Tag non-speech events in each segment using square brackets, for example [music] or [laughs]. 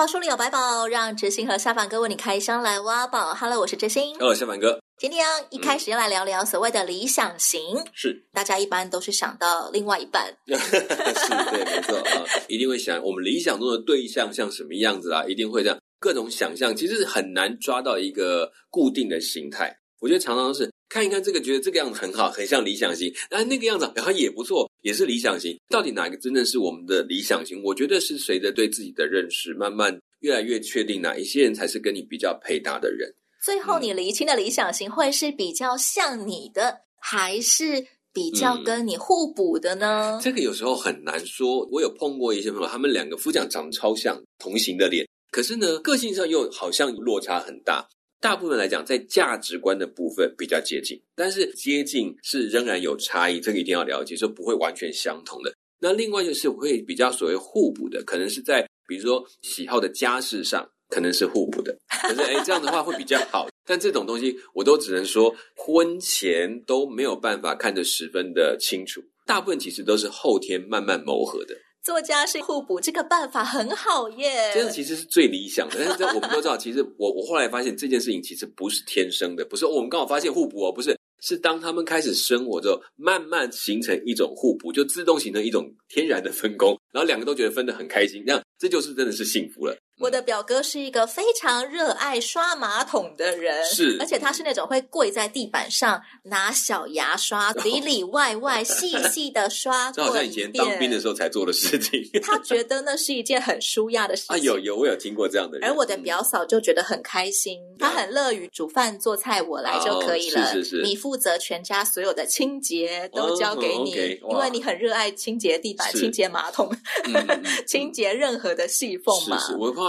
好，書裡有百寶，讓哲星和下凡哥為你開箱來挖寶。Hello，我是哲星。Hello，下凡哥。今天一開始要來聊聊所謂的理想型。嗯、是，大家一般都是想到另外一半。 [laughs] 是，對，沒錯啊，一定會想我們理想中的對象像什麼樣子啊，一定會這樣各種想象，其實是很難抓到一個固定的形態。我覺得常常都是。看一看這個，覺得這個樣子很好,很像理想型。然後那個樣子，然後也不錯，也是理想型。到底哪個真的是我們的理想型？我覺得是隨着對自己的認識，慢慢越來越確定哪一些人才是跟你比較配搭的人。最後，你釐清的理想型會是比較像你的，還是比較跟你互補的呢？嗯嗯、這個有時候很難說。我有碰過一些朋友，他們兩個副將長得超像，同型的臉，可是呢，個性上又好像落差很大。大部分來講，在價值觀的部分比較接近，但是接近是仍然有差異，這個一定要了解，說不會完全相同的。那另外就是會比較所謂互補的，可能是在比如說喜好的家事上，可能是互補的。可是哎，這樣的話會比較好，但這種東西我都只能說，婚前都沒有辦法看得十分的清楚，大部分其實都是後天慢慢磨合的。作家是互補，這個辦法很好耶。真的，其實是最理想的。但是這我們都知道， [laughs] 其實我我後來發現這件事情其實不是天生的，不是我們剛好發現互補哦，不是，是當他們開始生活之後，慢慢形成一種互補，就自動形成一種天然的分工，然後兩個都覺得分得很開心，這樣，這就是真的是幸福了。我的表哥是一個非常熱愛刷馬桶的人，是，而且他是那種會跪在地板上拿小牙刷裡裡外外細細的刷，這好像以前當兵的時候才做的事情。他覺得那是一件很舒壓的事情。啊，有有，我有聽過這樣的人。而我的表嫂就覺得很開心，她很樂於煮飯做菜，我來就可以了，是是是。你負責全家所有的清潔都交給你，因為你很熱愛清潔地板、清潔馬桶、清潔任何的細縫嘛。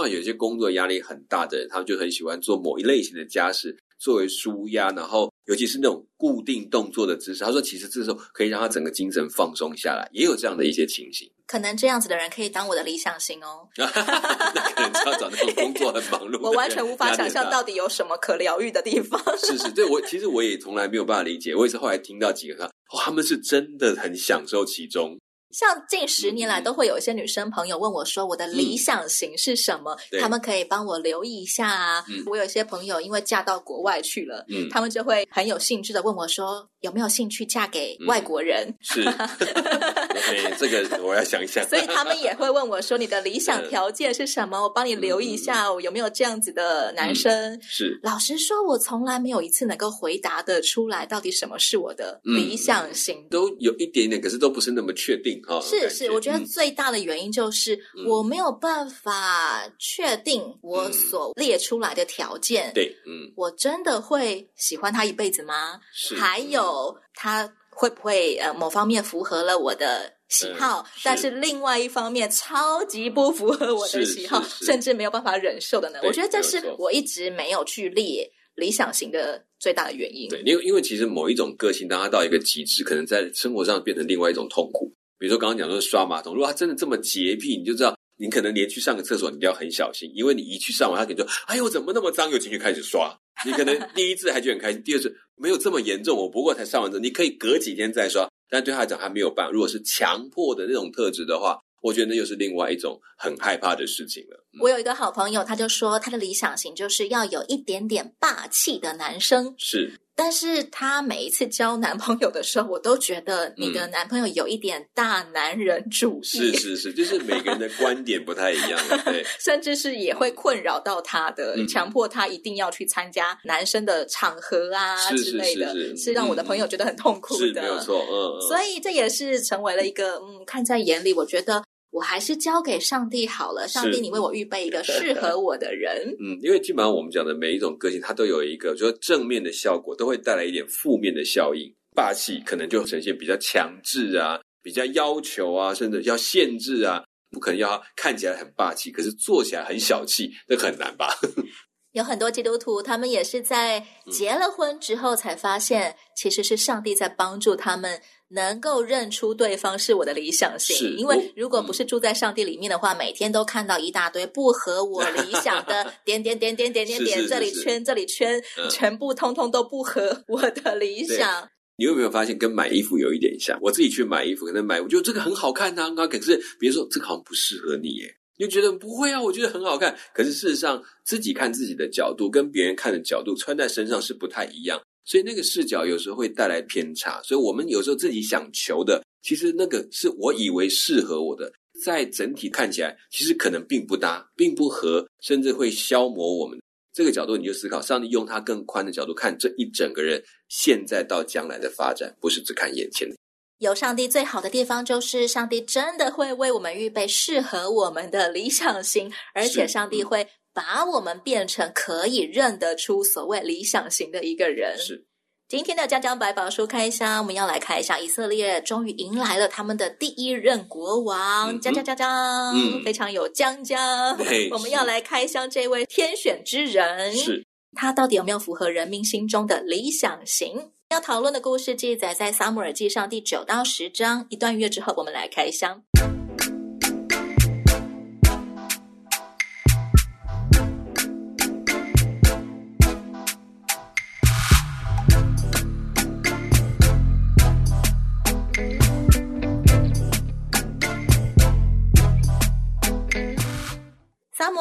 有些工作壓力很大的人，他們就很喜歡做某一類型的家事作為舒壓，然後尤其是那種固定動作的姿勢。他說，其實這時候可以讓他整個精神放鬆下來，也有這樣的一些情形。可能這樣子的人可以當我的理想型哦。那 [laughs] [laughs] [laughs] 可能要找那種工作很忙碌，我完全無法想象到底有什麼可療癒的地方。 [laughs] 是是，對我其實我也從來沒有辦法理解，我也是後來聽到幾個他，他們是真的很享受其中。像近十年來，都會有一些女生朋友問我，說我的理想型是什麼？嗯、他們可以幫我留意一下啊。嗯、我有些朋友因為嫁到國外去了，嗯、他們就會很有興致的問我說，說有沒有興趣嫁給外國人？嗯、是。 [laughs] [laughs] 這個我要想一下。 [laughs] 所以他們也會問我說：“你的理想條件是什麼？” [laughs] 嗯、我幫你留意一下、哦，有沒有這樣子的男生？嗯、是。老實說，我從來沒有一次能夠回答得出來，到底什麼是我的理想型、嗯嗯？都有一點點，可是都不是那麼確定哈、哦。是是，我覺，我覺得最大的原因就是我沒有辦法確定我所列出來的條件。嗯嗯、對，嗯，我真的會喜歡他一輩子嗎？是。還有他。會不會呃某方面符合了我的喜好，嗯、是，但是另外一方面超級不符合我的喜好，甚至沒有辦法忍受的呢？對我覺得這是我一直沒有去列理想型的最大的原因。對，因為因為其實某一種個性，當它到一個極致，可能在生活上變成另外一種痛苦。比如說剛剛講說刷馬桶，如果它真的這麼潔癖，你就知道。你可能連去上個廁所，你都要很小心，因為你一去上完，他肯定說：“哎呦，怎麼那麼髒？”又繼續開始刷。你可能第一次還覺得很開心，第二次沒有這麼嚴重，我不過才上完的。你可以隔幾天再刷，但對他來講還沒有辦法。如果是強迫的那種特質的話，我覺得那又是另外一種很害怕的事情了。嗯，我有一個好朋友，他就說他的理想型就是要有一點點霸氣的男生。是。但是她每一次交男朋友的時候，我都覺得你的男朋友有一點大男人主義。嗯、是是是，就是每個人的觀點不太一樣，對 [laughs] 甚至是也會困擾到她的，嗯、強迫她一定要去參加男生的場合啊、嗯、之類的，是，是，是，是，是讓我的朋友覺得很痛苦的。嗯、是沒有錯，嗯。所以這也是成為了一個，嗯，看在眼裡，我覺得。我還是交給上帝好了。上帝，你為我預備一個適合我的人。是的，是的。嗯，因為基本上我們講的每一種個性，它都有一個，就是正面的效果，都會帶來一點負面的效應。霸氣可能就會呈現比較強制啊，比較要求啊，甚至要限制啊。不可能要看起來很霸氣，可是做起來很小氣，這很難吧？ [laughs] 有很多基督徒，他們也是在結了婚之後才發現，其實是上帝在幫助他們。能夠認出對方是我的理想型，因為如果不是住在上帝裡面的話，嗯、每天都看到一大堆不合我理想的點點點點點點點， [laughs] 這裡圈這裡圈，嗯、全部通通都不合我的理想。你有沒有發現跟買衣服有一點像？我自己去買衣服，可能買，我覺得這個很好看吶，啊，可是別人說這個好像不適合你，耶。你就覺得不會啊，我覺得很好看，可是事實上自己看自己的角度跟別人看的角度，穿在身上是不太一樣。所以那個視角有時候會帶來偏差，所以我們有時候自己想求的，其實那個是我以為適合我的，在整體看起來，其實可能並不搭，並不合，甚至會消磨我們。這個角度你就思考，上帝用他更寬的角度看這一整個人，現在到將來的發展，不是只看眼前的。有上帝最好的地方就是，上帝真的會為我們預備適合我們的理想型，而且上帝會。把我們變成可以認得出所謂理想型的一個人。是，今天的江江百寶書開箱，我們要來開箱。以色列終於迎來了他們的第一任國王，嗯、哼江江江江，嗯、非常有江江。對 [laughs] 我們要來開箱這位天選之人，是，他到底有沒有符合人民心中的理想型？是要討論的故事記載在《撒母耳記》上第九到十章。一段月之後，我們來開箱。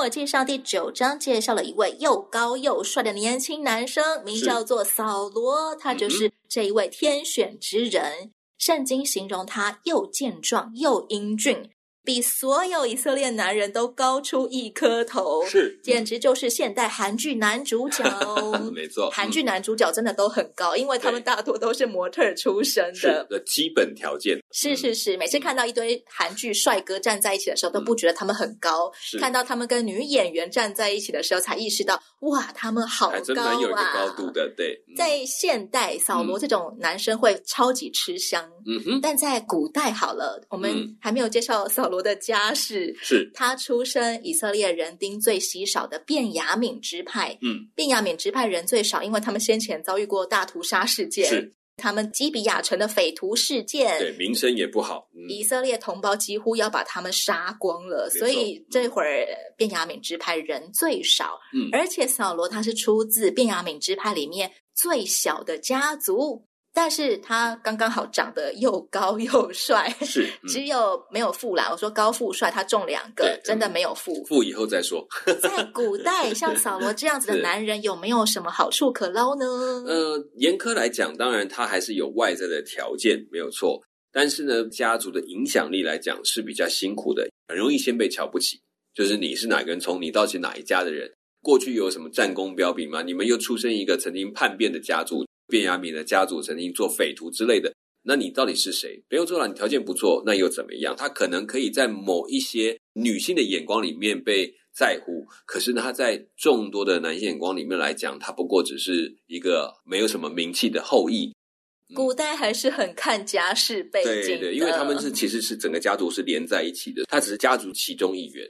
我介紹第九章，介紹了一位又高又帥的年輕男生，名叫做掃羅，是他就是這一位天選之人。聖、嗯、哼經形容他又健壯又英俊。比所有以色列男人都高出一顆頭，是，簡直就是現代韓劇男主角。 [laughs] 沒錯，韓劇男主角真的都很高，對因為他們大多都是模特出身的。的基本條件是是是，嗯、每次看到一堆韓劇帥哥站在一起的時候，嗯、都不覺得他們很高，是看到他們跟女演員站在一起的時候，才意識到哇，他們好高啊。還真有個高度的。對，在現代，掃羅這種男生會超級吃香。嗯哼，但在古代，好了，我們還沒有介紹掃。羅的家世是，他出身以色列人丁最稀少的便雅憫支派。嗯，便雅憫支派人最少，因為他們先前遭遇過大屠殺事件，是他們基比亞城的匪徒事件，對，名聲也不好。嗯、以色列同胞幾乎要把他們殺光了，錯所以這會兒便雅憫支派人最少。嗯，而且掃羅他是出自便雅憫支派裡面最小的家族。但是他剛剛好長得又高又帥，是、嗯、只有沒有富啦。我說高富帥，他中兩個，對真的沒有富。富以後再說。在古代，像掃羅這樣子的男人，是有沒有什麼好處可撈呢？呃，嚴苛來講，當然他還是有外在的條件，沒有錯。但是呢，家族的影響力來講是比較辛苦的，很容易先被瞧不起。就是你是哪根蔥，你到底哪一家的人？過去有什麼戰功彪炳嗎？你們又出身一個曾經叛變的家族。便雅憫的家族曾經做匪徒之類的，那你到底是誰？不用做了，你條件不錯，那又怎麼樣？他可能可以在某一些女性的眼光裡面被在乎，可是呢，他在眾多的男性眼光裡面來講，他不過只是一個沒有什麼名氣的後裔。嗯、古代還是很看家世背景的，因為他們是其實是整個家族是連在一起的，他只是家族其中一員。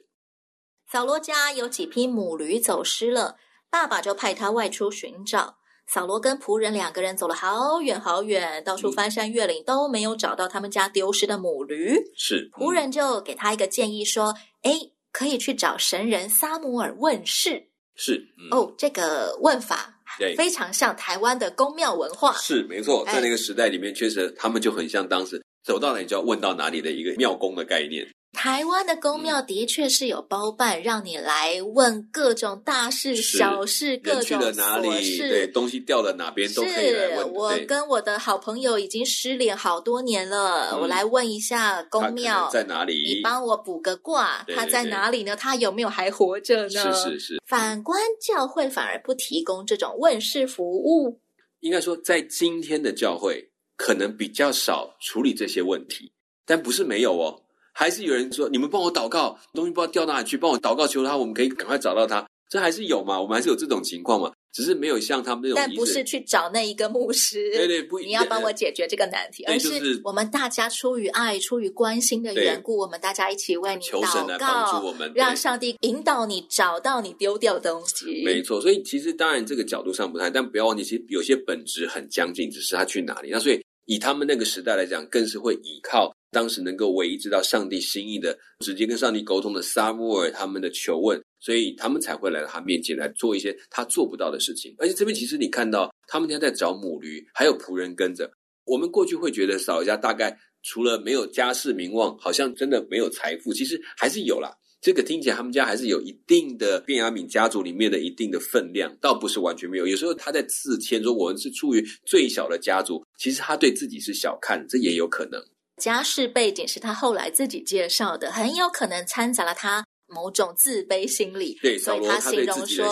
掃羅家有幾匹母驢走失了，爸爸就派他外出尋找。掃羅跟僕人兩個人走了好遠好遠，到處翻山越嶺，嗯、都沒有找到他們家丟失的母驢。是僕、嗯、人就給他一個建議說：“哎，可以去找神人撒母耳問事。是哦，嗯 oh, 這個問法對非常像台灣的宮廟文化。是沒錯，在那個時代裡面，確實他們就很像當時。哎走到哪裡就要問到哪裡的一個廟宮的概念。台灣的宮廟的確是有包辦，讓你來問各種大事小事，各種瑣事，去了哪裡？對，東西掉了哪邊都可以來問。我跟我的好朋友已經失聯好多年了，我來問一下宮廟在哪裡？你幫我補個卦，他在哪裡呢？他有沒有還活着呢？是是是。反觀教會，反而不提供這種問事服務。應該說，在今天的教會。可能比較少處理這些問題，但不是沒有哦，還是有人說，你們幫我禱告，東西不知道掉到哪裡去，幫我禱告求他，我們可以趕快找到他，這還是有嘛，我們還是有這種情況嘛，只是沒有像他們那種，但不是去找那一個牧師，對，對對，不，你要幫我解決這個難題，嗯、而、就是、就是、我們大家出於愛、出於關心的緣故，對我們大家一起為你禱告，求神來幫助我們，讓上帝引導你找到你丟掉的東西，沒錯。所以其實當然這個角度上不太，但不要忘記，其實有些本質很將近，只是他去哪裡。那所以。以他們那個時代來講，更是會依靠當時能夠唯一知道上帝心意的，直接跟上帝溝通的撒母耳他們的求問，所以他們才會來到他面前來做一些他做不到的事情。而且這邊其實你看到他們家在找母驢，還有僕人跟着。我們過去會覺得掃家大概除了沒有家世名望，好像真的沒有財富，其實還是有啦。這個聽起來，他們家還是有一定的便雅憫家族裡面的一定的分量，倒不是完全沒有。有時候他在自謙說，我們是處於最小的家族，其實他對自己是小看，這也有可能。家世背景是他後來自己介紹的，很有可能摻雜了他某種自卑心理。對，所以，他形容說，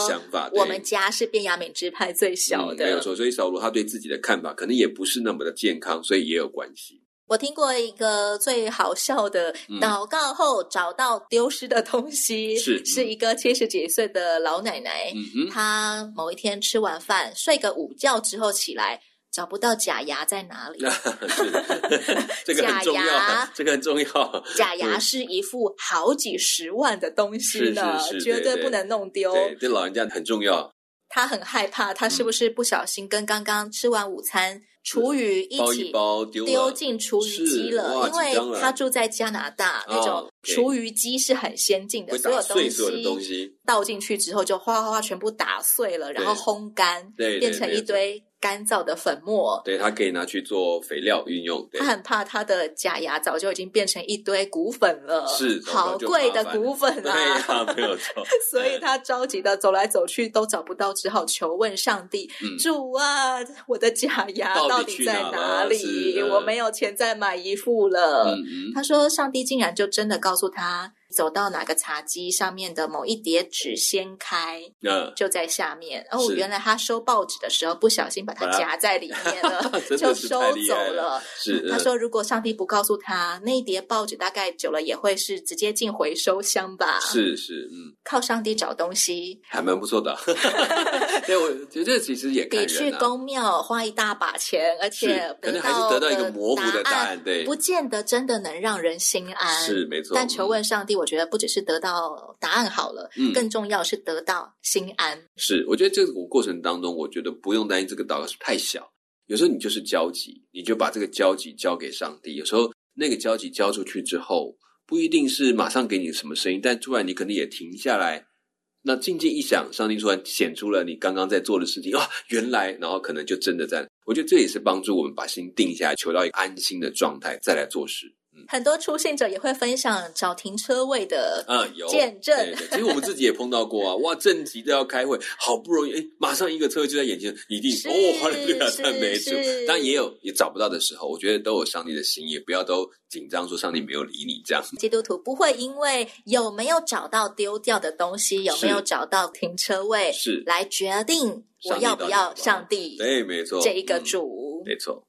我們家是便雅憫支派最小的，沒有錯。所以，掃羅他對自己的看法，可能也不是那麼的健康，所以也有關係。我聽過一個最好笑的禱告後找到丟失的東西，嗯、是，是一個七十幾歲的老奶奶，嗯、哼她某一天吃完飯睡個午覺之後起來找不到假牙在哪裡。這個很重要，假牙，這個很重要。假牙是一副好幾十萬的東西呢，絕對不能弄丟。對、對、對，老人家很重要。她很害怕，她是不是不小心跟剛剛吃完午餐，嗯廚餘一起丟,包一包丟,丟進廚餘機了，因為他住在加拿大，哦、那種廚餘機是很先進的，Okay, 所有東西,所有東西倒進去之後就嘩嘩嘩全部打碎了，對然後烘乾，對對變成一堆。乾燥的粉末，對，他可以拿去做肥料運用。他很怕他的假牙早就已經變成一堆骨粉了，是好貴的骨粉啊，啊，沒有錯。 [laughs] 所以他着急的走來走去都找不到，只好求問上帝：“嗯、主啊，我的假牙到底在哪裡？哪我沒有錢再買一副了。嗯嗯”他說：“上帝竟然就真的告訴他。”走到哪個茶幾上面的某一疊紙，掀開，嗯、就在下面。是哦，原來他收報紙的時候不小心把它夾在裡面了，啊、就收走了。是，了是，嗯、他說如果上帝不告訴他那一疊報紙，大概久了也會是直接進回收箱吧。是是，嗯，靠上帝找東西還蠻不錯的。因為 [laughs] 我覺得這其實也可以、啊。比去宮廟花一大把錢，而且可能還是得到一個模糊的答案，對，不見得真的能讓人心安。是沒錯，但求問上帝。我覺得不只是得到答案好了，嗯，更重要是得到心安。是，我覺得這個過程當中，我覺得不用擔心這個禱告是太小。有時候你就是焦急，你就把這個焦急交給上帝。有時候那個焦急交出去之後，不一定是馬上給你什麼聲音，但突然你可能也停下來，那靜靜一想，上帝突然顯出了你剛剛在做的事情啊、哦，原來，然後可能就真的在。我覺得這也是幫助我們把心定下來，求到一個安心的狀態，再來做事。很多出現者也會分享找停車位的有見證、嗯，有對對。其實我們自己也碰到過啊， [laughs] 哇，正急都要開會，好不容易，哎，馬上一個車位就在眼前，一定是哦，對了，算沒錯。但也有也找不到的時候，我覺得都有上帝的心，也不要都緊張說上帝沒有理你這樣。基督徒不會因爲有沒有找到丟掉的東西，是有沒有找到停車位，是來決定我要不要上帝，上帝？對，沒錯，這一個主、嗯，沒錯。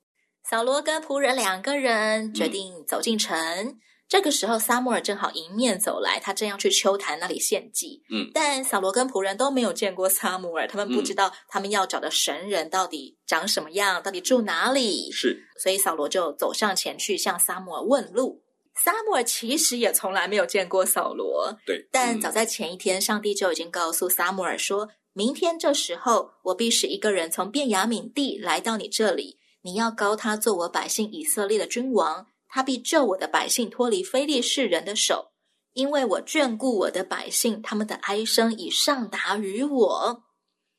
掃羅跟僕人兩個人決定走進城。嗯、這個時候，撒母耳正好迎面走來，他正要去丘壇那裡獻祭。嗯，但掃羅跟僕人都沒有見過撒母耳，他們不知道他們要找的神人到底長什麼樣，嗯、到底住哪裡。是，所以掃羅就走上前去向撒母耳問路。撒母耳其實也從來沒有見過掃羅。對，但早在前一天，上帝就已經告訴撒母耳說、嗯、明天這時候，我必使一個人從便雅憫地來到你這裡。你要膏他做我百姓以色列的君王，他必救我的百姓脫離非利士人的手，因為我眷顧我的百姓，他們的哀聲已上達於我。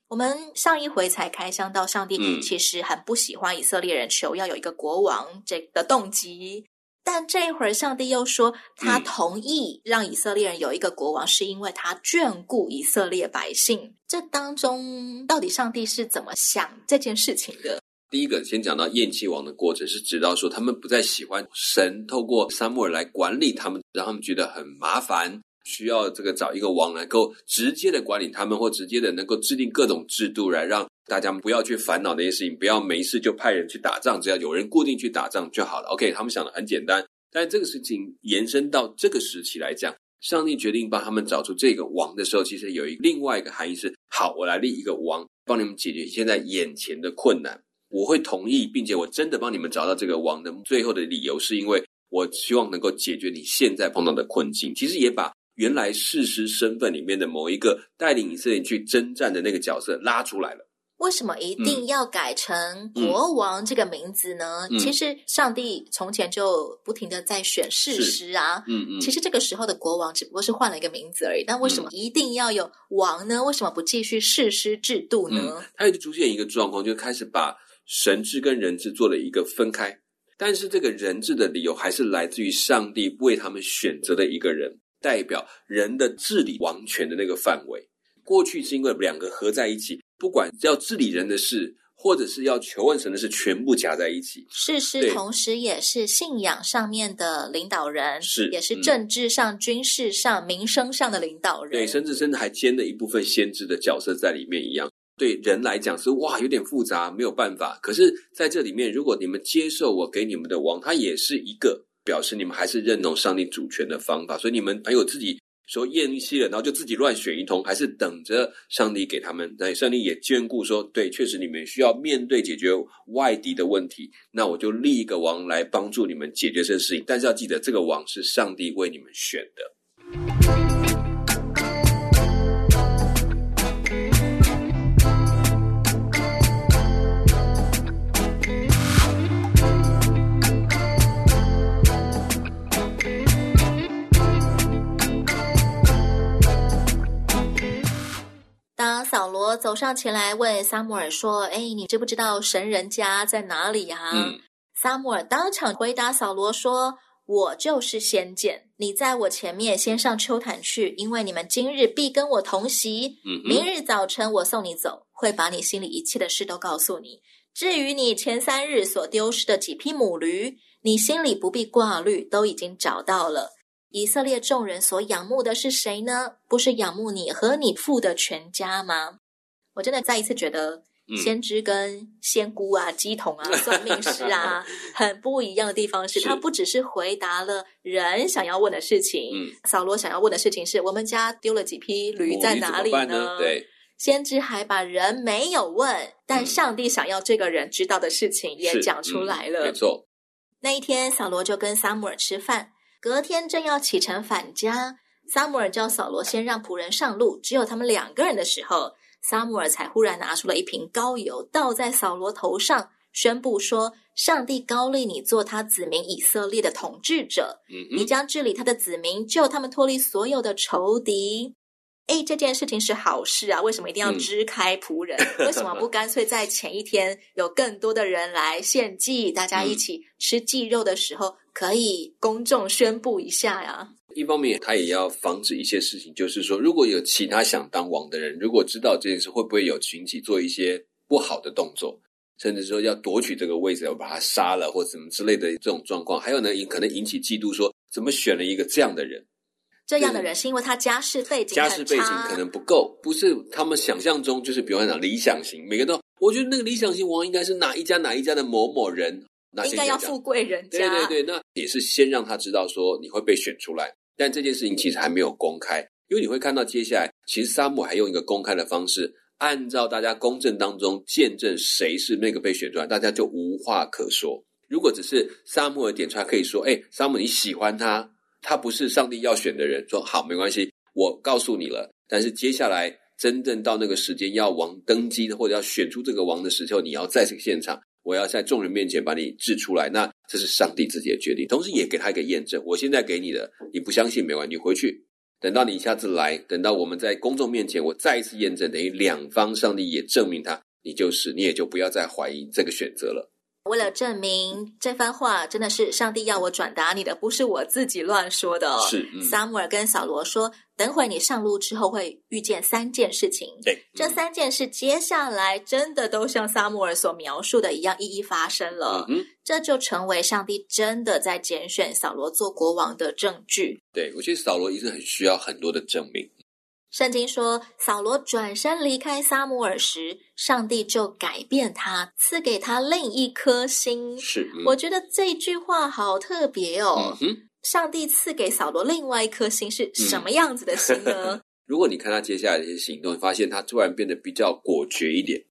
我們上一回才開箱到上帝其實很不喜歡以色列人求要有一個國王這個動機，但這一會兒上帝又說他同意讓以色列人有一個國王，是因為他眷顧以色列百姓。這當中到底上帝是怎麼想這件事情的？第一個先講到厭棄王的過程，是指到說他們不再喜歡神透過撒母耳來管理他們，讓他們覺得很麻煩，需要這個找一個王來夠直接的管理他們，或直接的能夠制定各種制度，來讓大家不要去煩惱那些事情，不要沒事就派人去打仗，只要有人固定去打仗就好了。OK，他們想的很簡單，但這個事情延伸到這個時期來講，上帝決定幫他們找出這個王的時候，其實有一個另外一個含義是：好，我來立一個王，幫你們解決現在眼前的困難。我會同意，並且我真的幫你們找到這個王的最後的理由，是因為我希望能夠解決你現在碰到的困境。其實也把原來士師身份裡面的某一個帶領以色列去征戰的那個角色拉出來了。為什麼一定要改成、嗯、國王這個名字呢？嗯、其實上帝從前就不停的在選士師啊。嗯嗯。嗯，其實這個時候的國王只不過是換了一個名字而已。但為什麼一定要有王呢？為什麼不繼續士師制度呢？它就、嗯、出現一個狀況，就開始把。神治跟人治做了一個分開，但是這個人治的理由還是來自於上帝為他們選擇的一個人，代表人的治理王權的那個範圍。過去是因為兩個合在一起，不管要治理人的事，或者是要求問神的事，全部加在一起。士師同時也是信仰上面的領導人，對是也是政治上、嗯、軍事上、民生上的領導人。對，甚至甚至還兼了一部分先知的角色在裡面一樣。對人來講是，哇，有點複雜，沒有辦法，可是在這裡面，如果你們接受我給你們的王，他也是一個表示你們還是認同上帝主權的方法。所以你們還有自己說厭棄了，然後就自己亂選一通，還是等着上帝給他們。那上帝也眷顧說，對，確實你們需要面對解決外敵的問題，那我就立一個王來幫助你們解決這個事情。但是要記得，這個王是上帝為你們選的。掃羅走上前來問撒母耳說：“哎，你知不知道神人家在哪裡呀、啊？”嗯、撒母耳當場回答掃羅說：“我就是先見，你在我前面先上丘壇去，因為你們今日必跟我同席。嗯、哼明日早晨我送你走，會把你心裡一切的事都告訴你。至於你前三日所丟失的幾匹母驢，你心裡不必掛慮，都已經找到了。”以色列眾人所仰慕的是誰呢？不是仰慕你和你父的全家嗎？我真的再一次覺得，先知跟仙姑啊、嗯、雞童啊、算命師啊， [laughs] 很不一樣的地方是，是他不只是回答了人想要問的事情。嗯、掃羅想要問的事情是我們家丟了幾匹驢，在哪裡呢？哦、呢對，先知還把人沒有問，嗯、但上帝想要這個人知道的事情也講出來了。嗯、沒錯，那一天，掃羅就跟撒母耳吃飯。隔天正要啟程返家，撒母耳叫掃羅先讓僕人上路，只有他們兩個人的時候，撒母耳才忽然拿出了一瓶膏油，倒在掃羅頭上，宣布說：“上帝膏立你做他子民以色列的統治者，你將治理他的子民，救他們脫離所有的仇敵。”哎，這件事情是好事啊！為什麼一定要支開僕人？為什麼不乾脆在前一天有更多的人來獻祭，大家一起吃祭肉的時候？可以公眾宣布一下呀。一方面，他也要防止一些事情，就是說，如果有其他想當王的人，如果知道這件事，會不會有群體做一些不好的動作，甚至說要奪取這個位置，要把他殺了或什麼之類的這種狀況。還有呢，也可能引起嫉妒說，說怎麼選了一個這樣的人，這樣的人是因為他家世背景，家世背景可能不夠，不是他們想象中，就是比方講理想型，每個都我覺得那個理想型王應該是哪一家哪一家的某某人。應該要富貴人家。對對對，那也是先讓他知道說你會被選出來，但這件事情其實還沒有公開，因為你會看到接下來，其實撒母耳還用一個公開的方式，按照大家公正當中見證誰是那個被選出來，大家就無話可說。如果只是撒母耳的點出來，可以說：“哎，撒母耳你喜歡他，他不是上帝要選的人。說”說好沒關係，我告訴你了。但是接下來，真正到那個時間要王登基的或者要選出這個王的時候，你要在這個現場。我要在眾人面前把你制出來，那這是上帝自己的決定，同時也給他一個驗證。我現在給你的，你不相信沒關係，你回去，等到你下次來，等到我們在公眾面前我再一次驗證，等於兩方上帝也證明他，你就是，你也就不要再懷疑這個選擇了。為了證明這番話真的是上帝要我轉達你的，不是我自己亂說的。是，嗯、撒母耳跟掃羅說，等會你上路之後會遇見三件事情。對，嗯、這三件事接下來真的都像撒母耳所描述的一樣，一一發生了。嗯，嗯，這就成為上帝真的在揀選掃羅做國王的證據。對，我覺得掃羅一直很需要很多的證明。聖經說，掃羅轉身離開撒母耳時，上帝就改變他，賜給他另一顆心。是，嗯、我覺得這句話好特別哦。嗯、上帝賜給掃羅另外一顆心是什麼樣子的心呢？嗯、 [laughs] 如果你看他接下來的一些行動，發現他突然變得比較果決一點，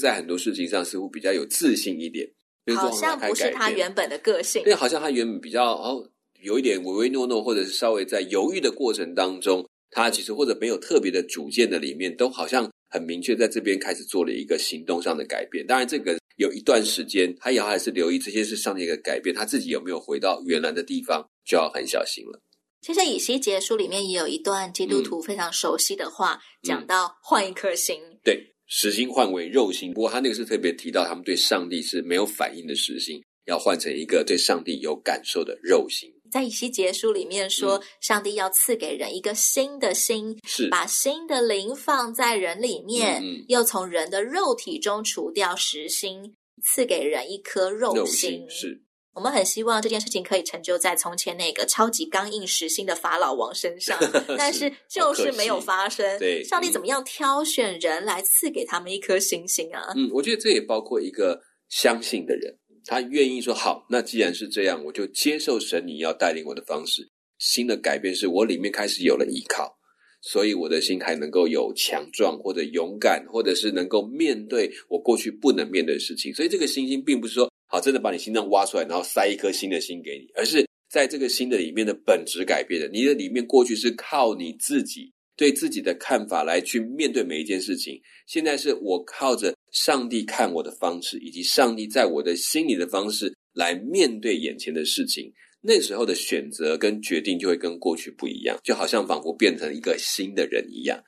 在很多事情上似乎比較有自信一點。就是、好，像好像不是他原本的個性，因為好像他原本比較哦，有一點唯唯諾、諾諾，或者是稍微在猶豫的過程當中。他其實或者沒有特別的主見的裡面，都好像很明確在這邊開始做了一個行動上的改變。當然，這個有一段時間他也要還是留意這些事上的一個改變，他自己有沒有回到原來的地方，就要很小心了。其實以西結書裡面也有一段基督徒非常熟悉的話，嗯、講到換一顆心、嗯，對，石心換為肉心。不過他那個是特別提到他們對上帝是沒有反應的石心，要換成一個對上帝有感受的肉心。在以西結書裡面說，上帝要賜給人一個新的心，是、嗯、把新的靈放在人裡面，嗯、又從人的肉體中除掉石心，賜給人一顆肉心。肉心是，我們很希望這件事情可以成就在從前那個超級剛硬石心的法老王身上， [laughs] 是，但是就是沒有發生。對，上帝怎麼樣挑選人來賜給他們一顆新心啊？嗯，我覺得這也包括一個相信的人。他願意說好，那既然是這樣，我就接受神你要帶領我的方式。新的改變是我裡面開始有了依靠，所以我的心還能夠有強壯，或者勇敢，或者是能夠面對我過去不能面對的事情。所以這個新心並不是說好，真的把你心臟挖出來，然後塞一顆新的心給你，而是在這個新的裡面的本質改變的。你的裡面過去是靠你自己對自己的看法來去面對每一件事情，現在是我靠着。上帝看我的方式，以及上帝在我的心裡的方式，來面對眼前的事情。那時候的選擇跟決定就會跟過去不一樣，就好像仿佛變成一個新的人一樣。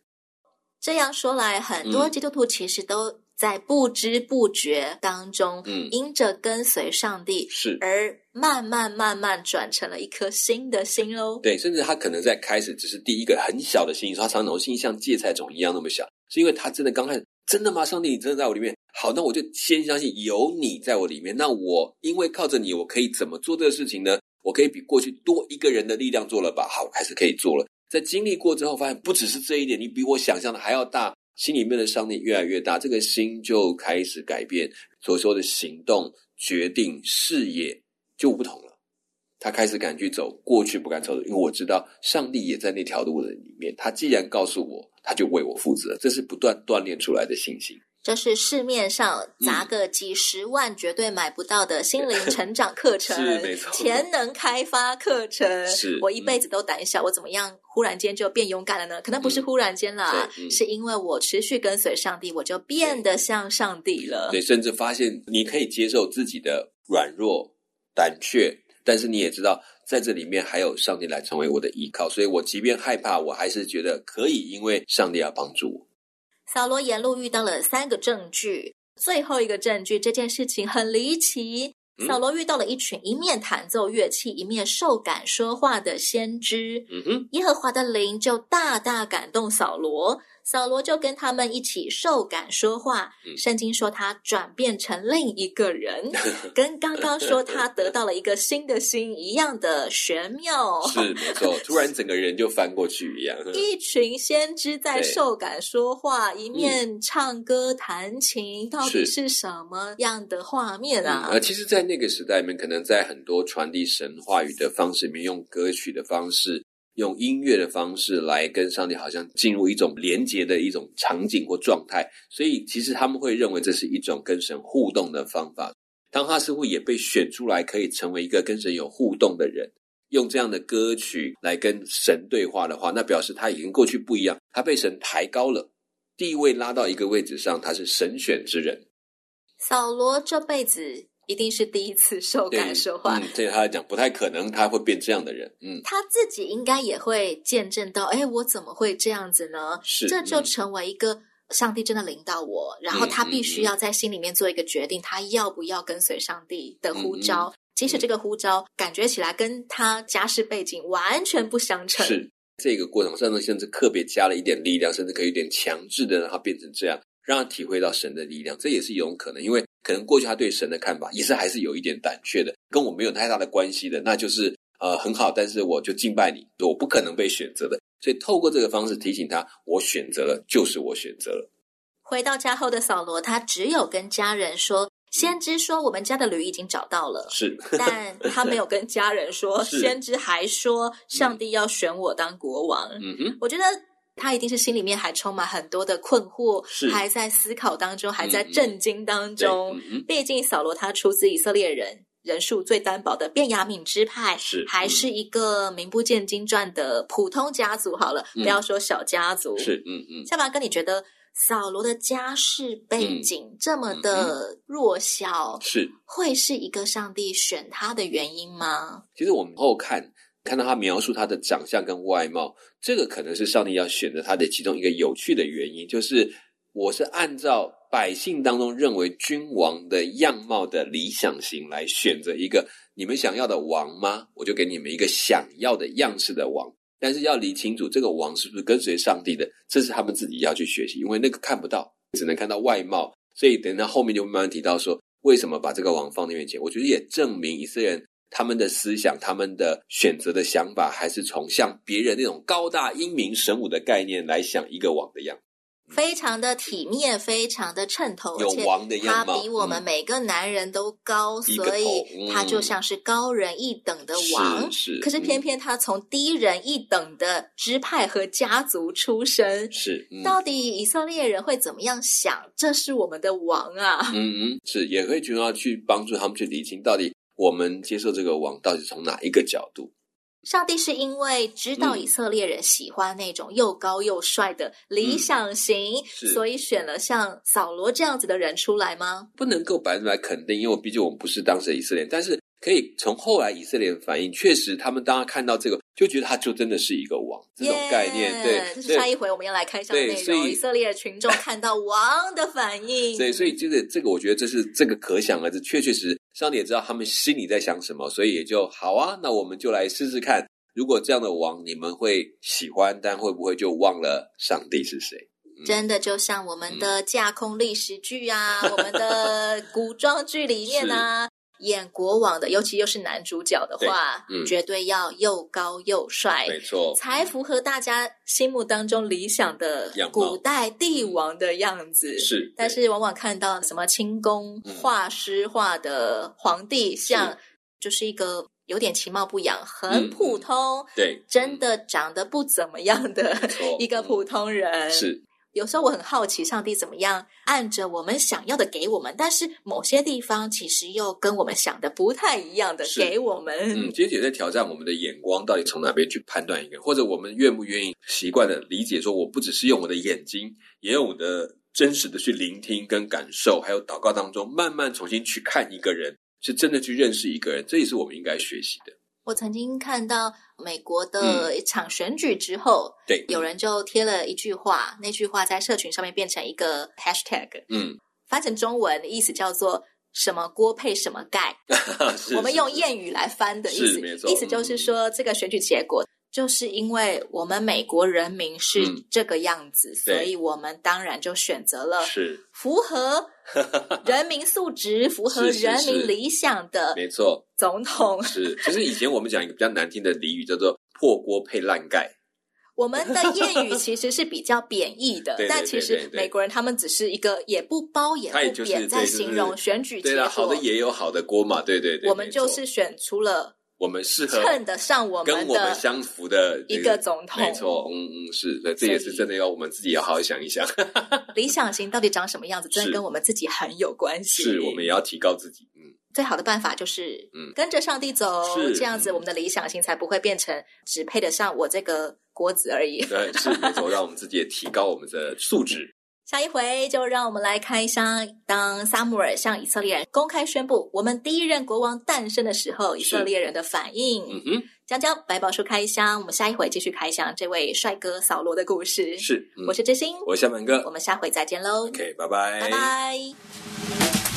這樣說來，很多基督徒其實都在不知不覺當中，嗯，因着跟隨上帝是而慢慢慢慢轉成了一顆新的心哦。對，甚至他可能在開始只是第一個很小的心，他常常心像芥菜種一樣那麼小，是因為他真的剛開始。真的嗎？上帝，你真的在我裡面。好，那我就先相信有你在我裡面。那我因為靠着你，我可以怎麼做這個事情呢？我可以比過去多一個人的力量做了吧？好，還是可以做了。在經歷過之後，發現不只是這一點，你比我想象的還要大。心裡面的上帝越來越大，這個心就開始改變。所說的行動、決定、視野就不同了。他開始敢去走過去不敢走的，因為我知道上帝也在那條路的裡面。他既然告訴我，他就為我負責。這是不斷鍛鍊出來的信心。這是市面上砸個幾十萬絕對買不到的心靈成長課程，嗯、 [laughs] 是沒錯。潛能開發課程，是。我一輩子都膽小，嗯、我怎麼樣，忽然間就變勇敢了呢？可能不是忽然間啦，嗯是，嗯、是因為我持續跟隨上帝，我就變得像上帝了。對。對，甚至發現你可以接受自己的軟弱、膽怯。但是你也知道，在這裡面還有上帝來成為我的依靠，所以我即便害怕，我還是覺得可以，因為上帝要幫助我。掃羅沿路遇到了三個證據，最後一個證據，這件事情很離奇。嗯、掃羅遇到了一群一面彈奏樂器一面受感說話的先知，嗯哼，耶和華的靈就大大感動掃羅。掃羅就跟他們一起受感說話，聖經說他轉變成另一個人，嗯、 [laughs] 跟剛剛說他得到了一個新的心一樣的玄妙。是沒錯，突然整個人就翻過去一樣。一群先知在受感說話，對一面唱歌、嗯、彈琴，到底是什麼樣的畫面啊？嗯、而其實，在那個時代裡面，可能在很多傳遞神話語的方式裡面，用歌曲的方式。用音樂的方式來跟上帝，好像進入一種連接的一種場景或狀態，所以其實他們會認為這是一種跟神互動的方法。當他似乎也被選出來，可以成為一個跟神有互動的人，用這樣的歌曲來跟神對話的話，那表示他已經過去不一樣，他被神抬高了，地位拉到一個位置上，他是神選之人。掃羅這輩子。一定是第一次受感說話，對、嗯、對他來講不太可能，他會變這樣的人。嗯，他自己應該也會見證到，哎，我怎麼會這樣子呢？是，嗯、這就成為一個上帝真的領導我，然後他必須要在心裡面做一個決定，他要不要跟隨上帝的呼召。嗯嗯嗯、即使這個呼召感覺起來跟他家世背景完全不相稱、嗯，是這個過程上帝甚至特別加了一點力量，甚至可以有點強制的讓他變成這樣，讓他體會到神的力量，這也是一種可能，因為。可能過去他對神的看法也是還是有一點膽怯的，跟我沒有太大的關係的，那就是呃很好，但是我就敬拜你，我不可能被選擇的，所以透過這個方式提醒他，我選擇了就是我選擇了。回到家後的掃羅，他只有跟家人說，先知說我們家的驢已經找到了，是、嗯、但他沒有跟家人說，是，先知還說上帝要選我當國王，嗯哼、嗯，我覺得。他一定是心裡面還充滿很多的困惑，是還在思考當中，還在震驚當中。嗯嗯嗯嗯、畢竟掃羅他出自以色列人人數最單薄的便雅憫支派，是嗯、還是一個名不見經傳的普通家族。好了，嗯、不要說小家族。是，嗯嗯。夏白哥，你覺得掃羅的家世背景這麼的弱小，嗯嗯嗯嗯、是會是一個上帝選他的原因嗎？其實我們往後看。看到他描述他的長相跟外貌，這個可能是上帝要選擇他的其中一個有趣的原因，就是我是按照百姓當中認為君王的樣貌的理想型來選擇一個你們想要的王嗎？我就給你們一個想要的樣式的王，但是要理清楚這個王是不是跟隨上帝的，這是他們自己要去學習，因為那個看不到，只能看到外貌，所以等到後面就慢慢提到說為什麼把這個王放在面前，我覺得也證明以色列人。他們的思想、他們的選擇的想法，還是從像別人那種高大、英明神武的概念來想一個王的樣子，非常的體面，嗯、非常的稱頭。有王的樣子，他比我們每個男人都高，嗯、所以他就像是高人一等的王。是，嗯、可是偏偏他從低人一等的支派和家族出身，是。嗯、到底以色列人會怎麼樣想？這是我們的王啊！嗯嗯，是，也會去幫助他們去理清到底。我們接受這個王到底從哪一個角度？上帝是因為知道以色列人喜歡那種又高又帥的理想型，嗯、所以選了像掃羅這樣子的人出來嗎？不能夠百分百肯定，因為畢竟我們不是當時的以色列，但是。所以、hey, 從後來以色列的反應，確實他們當然看到這個，就覺得他就真的是一個王這種概念。Yeah, 對，這是上一回我們要來開箱內以、以色列的群眾看到王的反應， [laughs] 對，所以就是這個，這個、我覺得這是這個可想而知，確確實上帝也知道他們心裡在想什麼，所以也就好啊。那我們就來試試看，如果這樣的王你們會喜歡，但會不會就忘了上帝是誰？嗯、真的就像我們的架空歷史劇啊， [laughs] 我們的古裝劇裡面啊。演國王的，尤其又是男主角的話，對嗯、絕對要又高又帥，沒錯，才符合大家心目當中理想的古代帝王的樣子。是，但是往往看到什麼清宮畫師畫的皇帝像，嗯、像就是一個有點其貌不揚、嗯、很普通，嗯、對，真的長得不怎麼樣的一個普通人。嗯、是。有時候我很好奇，上帝怎麼樣按着我們想要的給我們，但是某些地方其實又跟我們想的不太一樣的給我們。嗯，姐姐在挑戰我們的眼光，到底從哪邊去判斷一個人，或者我們願不願意習慣的理解說，我不只是用我的眼睛，也用我的真實的去聆聽跟感受，還有禱告當中慢慢重新去看一個人，是真的去認識一個人，這也是我們應該學習的。我曾經看到美國的一場選舉之後，嗯、對有人就貼了一句話，那句話在社群上面變成一個 hashtag，嗯，翻成中文的意思叫做“什麼鍋配什麼蓋”， [laughs] 是是是我們用諺語來翻的意思，沒錯意思就是說、嗯、這個選舉結果。就是因為我們美國人民是這個樣子，嗯、所以我們當然就選擇了是，符合人民素質、是符合人民理想的，沒錯，總統是。其、就、實、是、以前我們講一個比較難聽的俚語， [laughs] 叫做“破鍋配爛蓋”。我們的諺語其實是比較貶義的， [laughs] 但其實美國人他們只是一個也不褒也不貶，就是、在形容選舉結果、就是就是，好的也有好的鍋嘛，對對對。對我們就是選出了。我們適合稱得上我們跟我們相符的、那個、的一個總統，沒錯，嗯嗯是對，以這也是真的要我們自己要好好想一想， [laughs] 理想型到底長什麼樣子，真的跟我們自己很有關係，是，是我們也要提高自己，嗯，最好的辦法就是，嗯，跟着上帝走，嗯、是這樣子我們的理想型才不會變成只配得上我這個鍋子而已， [laughs] 對，是沒錯，讓我們自己也提高我們的素質。下一回就讓我們來開箱，當撒母耳向以色列人公開宣布我們第一任國王誕生的時候，是以色列人的反應。嗯哼，江江百寶書開箱，我們下一回繼續開箱這位帥哥掃羅的故事。是，嗯、我是知心，我是小滿哥，我們下回再見嘍。OK，拜拜，拜拜。